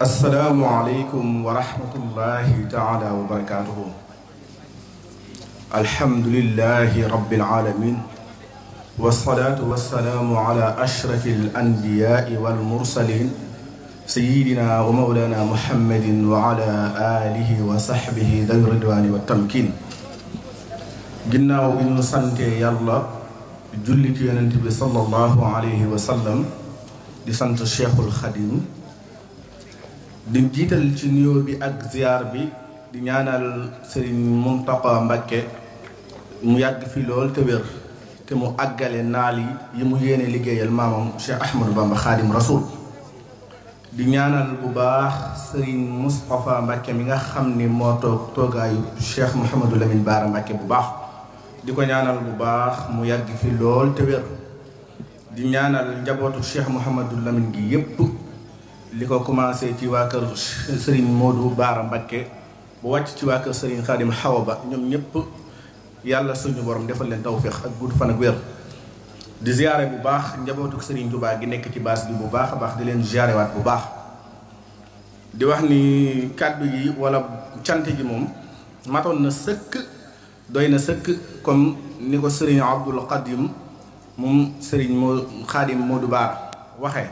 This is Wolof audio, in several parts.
السلام عليكم ورحمة الله تعالى وبركاته الحمد لله رب العالمين والصلاة والسلام على أشرف الأنبياء والمرسلين سيدنا ومولانا محمد وعلى آله وصحبه ذوي الردوان والتمكين جنا وإن صنت يا الله جلت ينتبه صلى الله عليه وسلم لصنت الشيخ الخديم di jital ci nuyoo bi ak ziar bi di ñaanal serigne Muntaqa mbacke mu yag fi lol te wér te mu agale nal yi yi mu yéene liggéeyal maamam Cheikh Ahmadou Bamba khadim rasoul di ñaanal bu baax serigne Moustapha mbacke mi nga xamni mo tok toog toogaayu Cheikh mohammed Lamine bar mbacke bu baax diko ñaanal bu baax mu yag fi lol te wér di ñaanal njabootu Cheikh mohammed Lamine gi yépp liko commencé ci wa keur Serigne Modou Baara Mbakke bu wàcc ci wa keur Serigne Khadim Awa ñom ñëpp yàlla suñu borom defal leen tawfiq ak gudd fan ak wér. di ziare bu baax njabootu Serigne Touba gi nek ci base bi bu baax baax di leen wat bu baax di wax ni kàddu yi wala cianté ji mom maton na seuk doyna seuk comme niko Serigne Abdoul Qadim mom Serigne Khadim Modou Baara waxe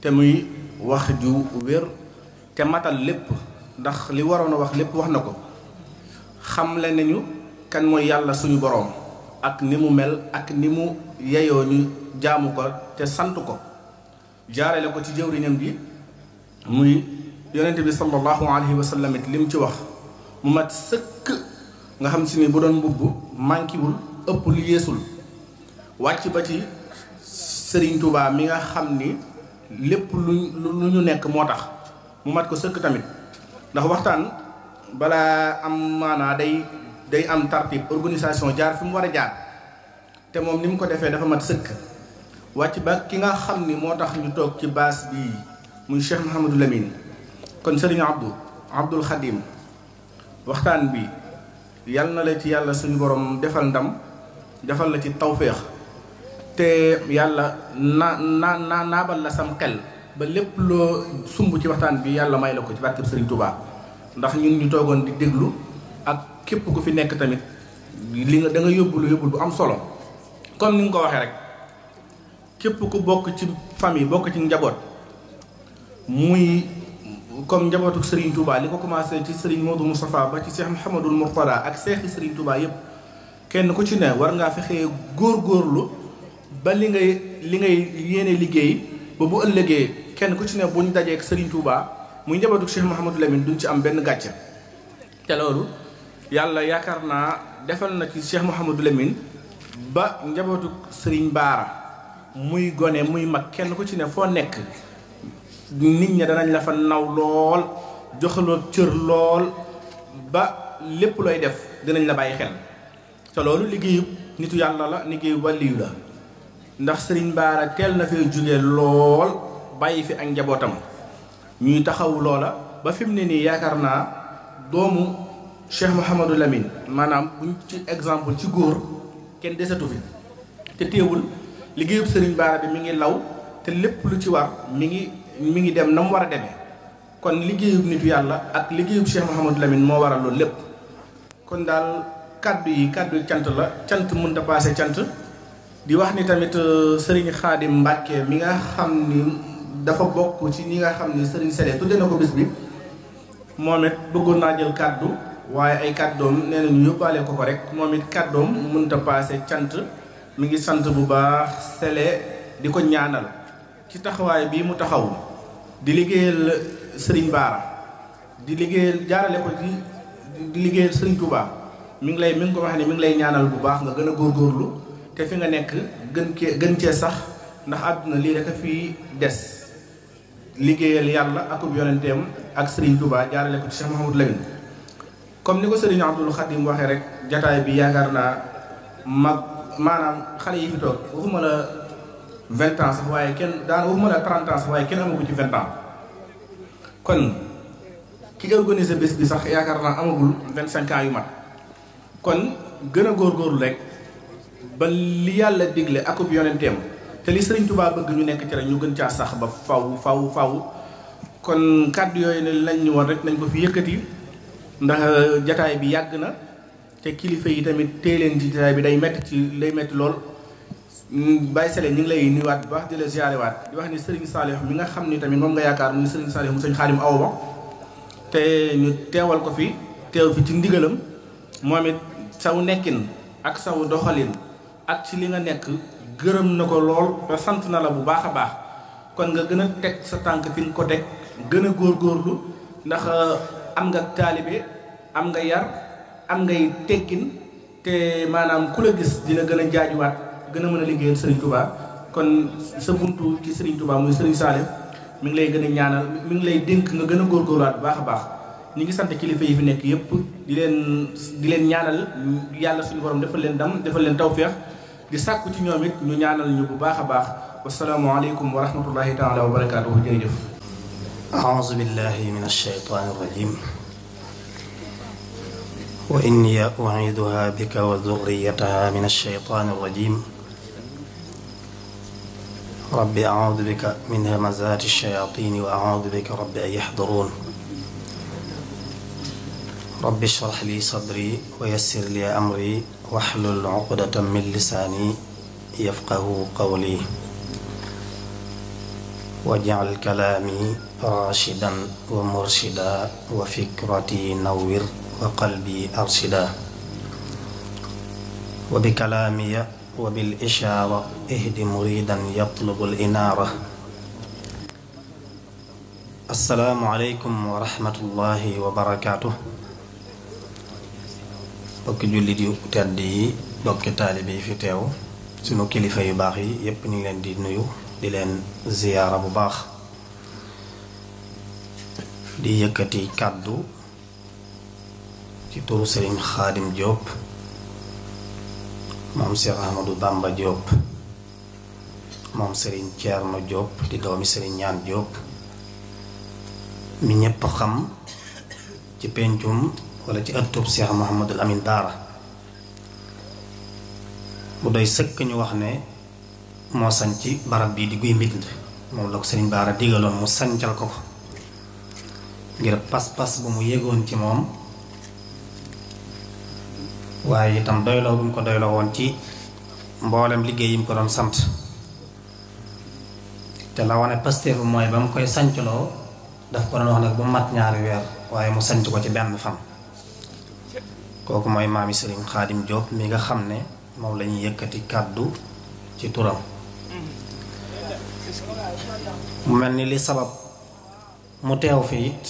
te muy. wax ju wér te matal lépp ndax li waroon a wax lépp wax na ko xamle nañu kan mooy yàlla suñu boroom ak ni mu mel ak ni mu yeyoo ñu jaamu ko te sant ko jaarale ko ci jëwriñam bi muy yonente bi sallallahu alayhi wa sallam it lim ci wax mu mat sëkk nga xam si ni bu doon mbubb mànkiwul ëpp lu yeesul wàcc ba ci sëriñ Tuubaa mi nga xam ni lépp lu lu ñu nekk moo tax mu mat ko sëkk tamit ndax waxtaan balaa am maanaa day day am tartib organisation jaar fu mu war a jaar te moom ni mu ko defee dafa mat sëkk wàcc ba ki nga xam ni moo tax ñu toog ci baas bii muy Cheikh Mouhamadou Lamine kon Serigne Abdou Abdoul Khadim waxtaan bi yal na la ci yàlla suñu borom defal ndam defal la ci tawféex te yàlla na na na naabal la sam xel ba lépp loo sumb ci waxtaan bi yàlla may la ko ci barkeb Sëriñ Tuubaa ndax ñun ñu toogoon di déglu ak képp ku fi nekk tamit li nga dangay yóbbu lu yóbbul bu am solo comme ni nga ko waxee rek képp ku bokk ci famille bokk ci njaboot muy comme njabootu Serigne Touba li ko commencé ci Serigne Modou Moustapha ba ci Cheikh Mouhamadul Mourtada ak seexi Serigne Touba yépp kenn ku ci ne war ngaa fexee góor góorlu ba li ngay li ngay yéene liggéey ba bu ëllëgee kenn ku ci ne bu ñu dajee ak Serigne Touba muy njabootu Cheikh Mouhamadou duñ ci am benn gàcce te loolu yàlla yaakaar naa defal na ci Cheikh Mouhamadou Lamine ba njabootu sëriñ Baara muy gone muy mag kenn ku ci ne foo nekk nit ña danañ la fa naw lool joxaloo cër lool ba lépp looy def dinañ la bàyyi xel te loolu liggéeyub nitu yàlla la liggéeyub wàlliyu la ndax sëriñ Baara teel na fee jóge lool bàyyi fi ak njabootam ñuy taxawu loola ba fi mu ne nii yaakaar naa doomu Cheikh Mouhamadou Lamine maanaam buñ ci exemple ci góor kenn desatu fi te teewul liggéeyub sëriñ Baara bi mi ngi law te lépp lu ci war mi ngi mi ngi dem na mu war a demee kon liggéeyub nitu yàlla ak liggéeyub Cheikh Mouhamadou Lamine moo waral loolu lépp kon daal kaddu yi kaddu cant la cant mënut a paase cant. di wax ni tamit euh, serigne khadim mbacke mi nga xamni dafa bokku ci ñi nga xamni serigne sele tudde nako bis bi momit bëggon na jël kaddu waye ay kaddom neena ñu yobale ko ko rek momit kaddom munta passé tiant mi ngi sant bu baax sele diko ñaanal ci taxaway bi mu taxaw di liggéeyal serigne bara di liggéeyal jaarale ko di di liggéeyal serigne touba mi ngi lay mi ngi ko wax ni mi ngi lay ñaanal bu baax nga gëna gor gorlu te fi nga nekk gën cee gën cee sax ndax àdduna lii rek a fii des liggéeyal yàlla akub yonenteem ak Serigne Touba jaarale ko ci Cheikh Mouhamadou Lamine comme ni ko Serigne Abdoul Khadim waxee rek jataay bi yaakaar naa mag maanaam xale yi fi toog waxuma la vingt ans sax waaye kenn daan waxuma la trente ans sax waaye kenn amagu ci vingt ans ki organisé bi sax yaakaar amagul vingt cinq ans yu mat kon gën a góorgóorlu rek ba li yàlla digle akub yonenteem te li sëriñ Tuubaa bëgg ñu nekk ci rek ñu gën caa sax ba faw faw faw kon kàddu yooyu ne lañ ñu rek nañ ko fi yëkkati ndax euh, jataay bi yàgg na te kilifa yi tamit tee leen ci jataay bi day metti ci lay metti lool mm, bàyyi sele ñu ngi lay nuyuwaat bu baax di la ziarewaat di wax ni sëriñ Saalix mi nga xam ni tamit moom nga yaakaar mu ngi sëriñ Saalix mu sëñ Xaadim Awa Ba te ñu teewal ko fi teew fi ci ndigalam moom it saw nekkin ak saw doxalin ak ci li nga nekk gërëm na ko lool ba sant na la bu baax a baax kon nga gën a teg sa tànk fi nga ko teg gën a góorgóorlu ndax euh, am nga taalibe am nga yar am ngay tekkin te maanaam ku la gis dina gën a jaajuwaat gën a mën a liggéeyal Serigne Touba kon sa buntu ci Serigne Touba muy Serigne Salim mi ngi lay gën a ñaanal mi ngi lay dénk nga gën a góorgóorluwaat bu baax a baax ñi ngi sant kilifa yi fi nekk yépp di leen di leen ñaanal yàlla suñu borom defal leen dam defal leen tawféex di sàkku ci ñoom it ñu ñaanal ñu bu baax a baax wasalaamu alaykum wa rahmatullahi taala wa barakaatuhu jërëjëf أعوذ بالله من الشيطان الرجيم وإني أعيدها بك وذريتها من الشيطان الرجيم رب أعوذ بك من همزات الشياطين وأعوذ بك رب أن يحضرون رب اشرح لي صدري ويسر لي أمري واحلل عقدة من لساني يفقه قولي واجعل كلامي راشدا ومرشدا وفكرتي نور وقلبي أرشدا وبكلامي وبالإشارة اهد مريدا يطلب الإنارة السلام عليكم ورحمة الله وبركاته bokki jullit yu tedd yi bokki taalibe fi teew sunu kilifa yu baax yi yépp ñu ngi leen di nuyu di leen ziyaara bu baax di yëkkati kàddu ci turu sëriñ xaadim Diop moom Seex Ahmadu Bamba Diop moom sëriñ Ceerno Diop di doomi sëriñ ñaan Diop mi ñépp xam ci pencum wala ci ëttub Cheikh Mouhamadul Amin Daara bu doy sëkk ñu wax ne moo sañc barab bii di guy mbind moom la ko sëriñ Baara digaloon mu sancal ko ko ngir pas-pas bu mu yéegoon ci moom waaye itam doyloo bu mu ko doyloo woon ci mboolem liggéey yi mu ko doon sant te la wane pastéef mooy ba mu koy sancloo daf ko doon wax ne bu mat ñaari weer waaye mu sanc ko ci benn fan kooku mooy maami Serigne xaadim Diop mi nga xam ne moom lañuy ñuy yëkkati kàddu ci turam mu mel ni li sabab mu teew fi it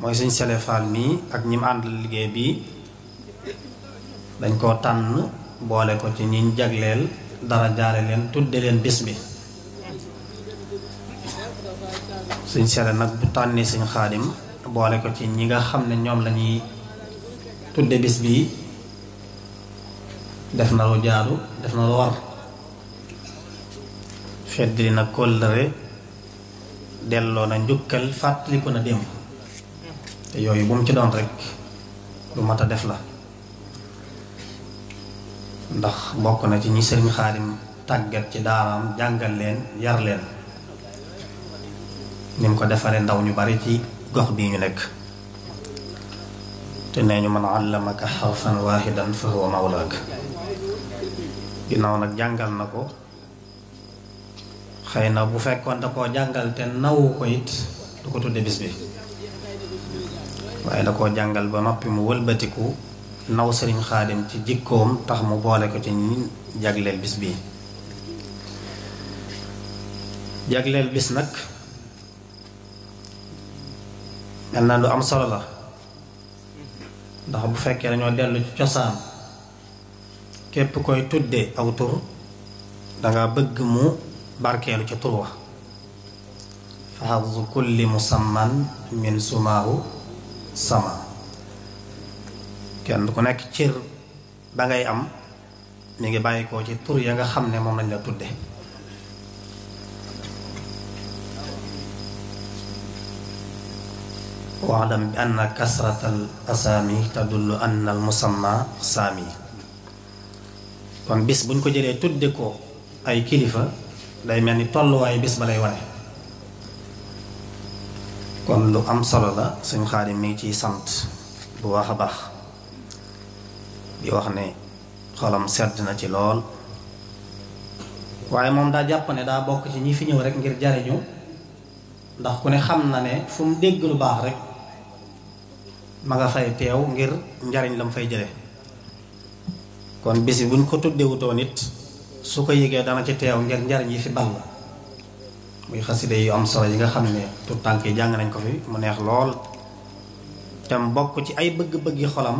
mooy suñ selefaal mii ak ñi ànd àndal liggéey bi dañ koo tànn boole ko ci ñi jagleel dara jaare leen tudde leen bis bi suñ sele nag bu tànnee suñ xaadim boole ko ci ñi nga xam ne ñoom lañuy tudde bis bii def na lu jaadu def na lu war fedd li na kóllëre delloo na njukkal fàttaliku na démb te yooyu bu mu ci doon rekk lu mat a def la ndax bokk na ci ñi sëriñ xaadim tàggat ci daaraam jàngal leen yar leen ni ko defaree ndaw ñu bari ci gox bii ñu nekk te nee ñu man àllamaka xarfan waahidan fa huwa mawlaak ginnaaw nag jàngal na ko xëy na bu fekkoon da koo jàngal te nawu ko it du ko tudde bis bi waaye da koo jàngal ba noppi mu wëlbatiku naw sëriñ xaadim ci jikkoom tax mu boole ko ci ñi jagleel bis bi jagleel bis nag mel na lu am solo la ndax bu fekkee dañoo dellu ci képp koy tudde aw tur danga bëgg mu barkeelu ca tur wa fa xazu kulli musamman min sumaahu sama kenn ku nekk cër ba ngay am mi ngi bàyyi ci tur ya nga xam ne moom lañ la tudde واعلم بان كسرة الاسامي تدل ان المسمى سامي كون بس بونكو جيري توديكو اي كليفا داي ملني تولو اي بس بالاي واني كون لو ام صلو لا سيغ خاري مي تي سانت بو واخا باخ بي واخني خولم سدنا تي لول waaye moom daa jàpp ne daa bokk ci ñi fi ñëw rek ngir jariñu ndax ku ne xam na ne fu mu dégg lu baax rek ma nga fay teew ngir njariñ lam fay jële kon bis buñ ko wuto nit su ko yëgee dana ci teew ngir njariñ yi fi bal muy xaside yu am solo yi nga xam ne tout tànk yi nañ ko fi mu neex lool tam bokk ci ay bëgg yi xolam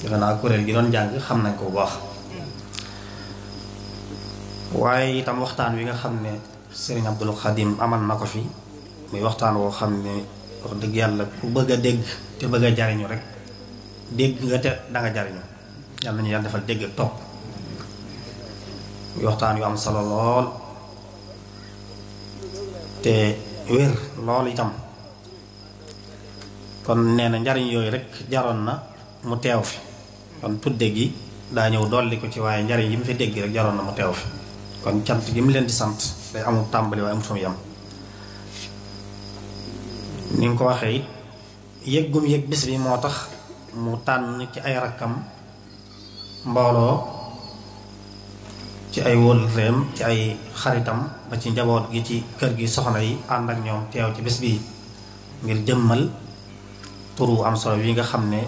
dina na naa rel gi don jang xam nañ ko wax waye tam waxtaan wi nga xam Serigne Abdul khadim Aman mako fi muy waxtaan wo wax dëgg yàlla ku bëgg a dégg te bëgg jariñu rek dégg nga te danga jariñu yàlla nañu yàlla defal dégg ak topp waxtaan yu am solo lool te wér lool itam kon nee na njariñ yooyu rek jaroon na mu teew fi kon tudde gi daa ñëw dolli ko ci waaye njariñ yi mu fi dégg jaroon na mu teew fi kon mu leen di sant day amul tàmbali waaye amul fa mu yem ni nga ko waxee it yëggum yëg bis bi moo tax mu tànn ci ay rakkam mbooloo ci ay wóllëreem ci ay xaritam ba ci njaboot gi ci kër gi soxna yi ànd ak ñoom teew ci bis bi ngir jëmmal turu am solo yi nga xam ne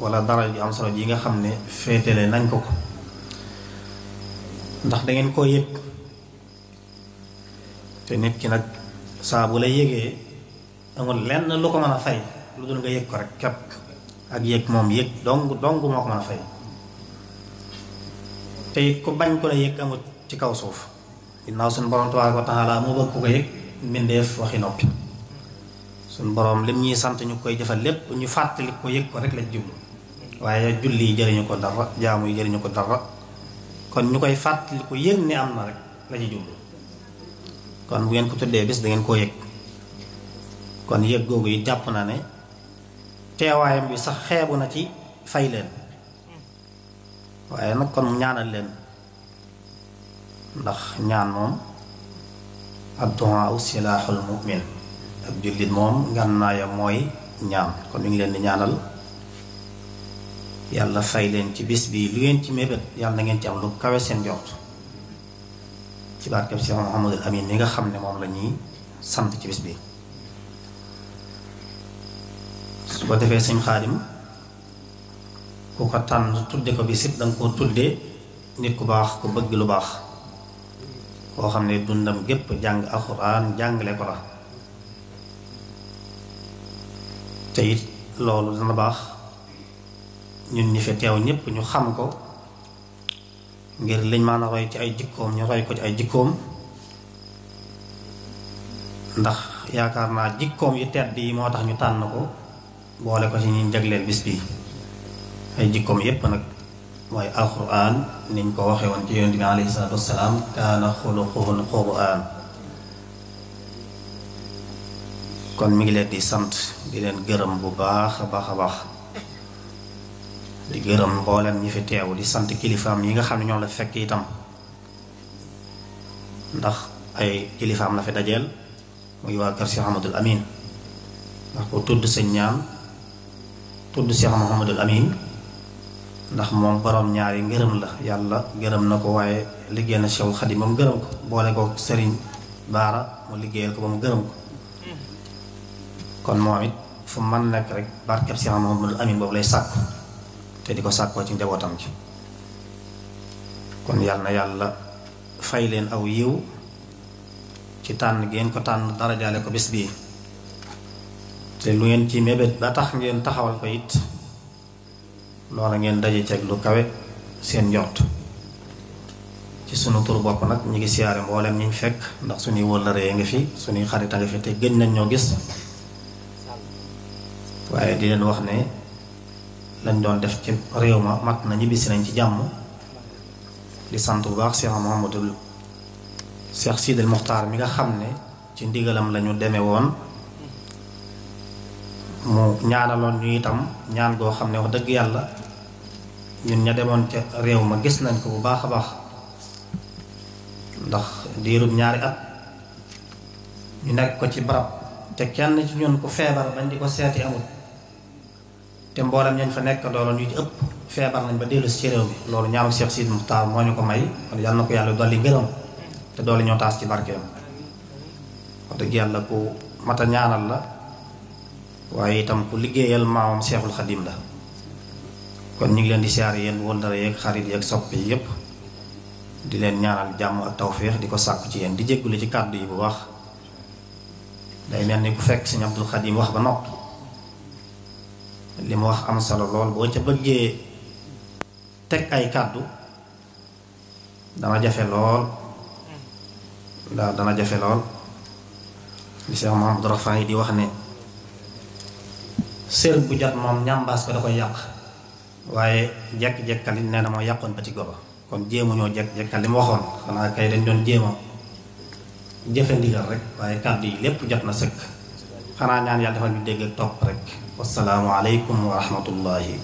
wala dara ju am solo yi nga xam ne féetale nañ ko ko ndax dangeen koo yëg te nit ki nag saa bu la yëgee amul lenn lu ko mën a fay lu dul nga yëg ko rek képp ak yëg moom yëg dong dong moo ko mën a fay te ku bañ ko la yëg amut ci kaw suuf ginnaaw suñ borom tabaaraka wa taala borom lim ñuy sant ñu koy jëfal lépp ñu fàttali ko yëg ko rek lañ jublu waaye julli yi ko dara jaamu yi jëriñu ko dara kon ñu koy fàttali ko yëg ni am na rek la ci jublu kon bu ngeen ko tuddee bés da koo yëg kon yëg googu yi jàpp na ne teewaayam bi sax xeebu na ci fay leen waaye nag kon ñaanal leen ndax ñaan moom addu'a u silaaxul mu'min ak jullit moom ngànnaayam mooy ñaan kon ñu ngi leen di ñaanal yàlla fay leen ci bis bi lu ngeen ci mébét yàlla na ngeen ci am lu kawe seen jort ci barkeb Cheikh Mouhamadul Amin mi nga xam ne moom la ñuy sant ci bis bi ko defee sëñ xaadim ku ko tànn tudde ko bisit danga ko tuddee nit ku baax ku bëgg lu baax koo xam ne dundam gépp jàng alxuraan jàngale ko la te loolu dana baax ñun ñi fi teew ñépp ñu xam ko ngir liñ mën a roy ci ay jikkoom ñu roy ko ci ay jikkoom ndax yaakaar naa jikkoom yi tedd yi moo tax ñu tànn ko boole ko ci ñi jagleel bis bi ay jikkoom yépp nag mooy alquran niñ ko waxee woon ci yonent bi alayhi salaatu wasalaam kaana xuluquhul quran kon mi ngi leen di sant di leen gërëm bu baax a baax a baax di gërëm mboolem ñi fi teew di sant kilifaam yi nga xam ne ñoom la fekk itam ndax ay kilifaam la fi dajeel muy waa kër si Ahmadul Amin ndax ko tudd sëñ ñaan tudd Cheikh Mouhamadul Amin ndax moom boroom ñaari ngërëm la yàlla gërëm na ko waaye liggéey na Cheikhul Khadim ba mu gërëm ko boole ko Serigne Baara mu liggéeyal ko ba mu gërëm ko kon moom it fu man nekk rek barkeb Cheikh Mouhamadul Amin boobu lay sàkku te di ko sàkkoo ci njabootam ci kon yàlla na yàlla fay leen aw yiw ci tànn ngeen ko tànn darajaale ko bés bii te lu ngeen ci mebet ba tax ngeen taxawal ko it loola ngeen ci ak lu kawé seen ñort ci sunu tur bop nak ñi ngi siaré mboolem ñi fekk ndax suñuy wolare nga fi suni xarit nga fi te gën nañ ñoo gis waaye di leen wax ne lañ doon def ci réew mat na bis nañ ci jamm di sant bu baax cheikh mohammed cheikh sidil mukhtar mi nga xam ci ndigalam lañu démé won mo ñaanaloon ñu itam ñaan goo xam ne wax dëgg yàlla ñun ña demoon ca réew ma gis nañ ko bu baax a baax ndax diirub ñaari at ñu nekk ko ci barab te kenn ci ñun ku feebar bañ di ko seeti amul te mboolem ñañ fa nekk dooloon ñu ci ëpp feebar nañ ba dellu ci réew mi loolu ñaanu Cheikh Sid muhtar moo ñu ko may kon yàlla na ko yàlla dolli ngërëm te dolli ñoo taas ci barkeem wax dëgg yàlla ku mata ñaanal la waaye itam ku liggéeyal maamam cheikhul Xadim la kon ñu ngi leen di siyaare yéen wëndare yeeg xarit yeeg sopp yi yépp di leen ñaanal jàmm ak tawféex di ko sàkku ci yéen di jéggule ci kàddu yi bu baax day mel ni ku fekk Sëñ Abdul Xadim wax ba noppi li mu wax am solo lool boo ca bëggee teg ay kàddu dana jafe lool ndax dana jafe lool li Seex Mahamadu yi di wax ne sër bu jot moom ñambaas ko da koy yàq waaye jekk-jekkal li nee na moo yàqoon ba ci goba kon jéema ñoo jekk-jekkal mu waxoon xanaa kay dañ doon jéema jëfe ndigal rek waaye kàddu yi lépp jot na sëkk xanaa ñaan yàlla defal mu dégg ak topp rek wasalaamu aleykum wa rahmatullahi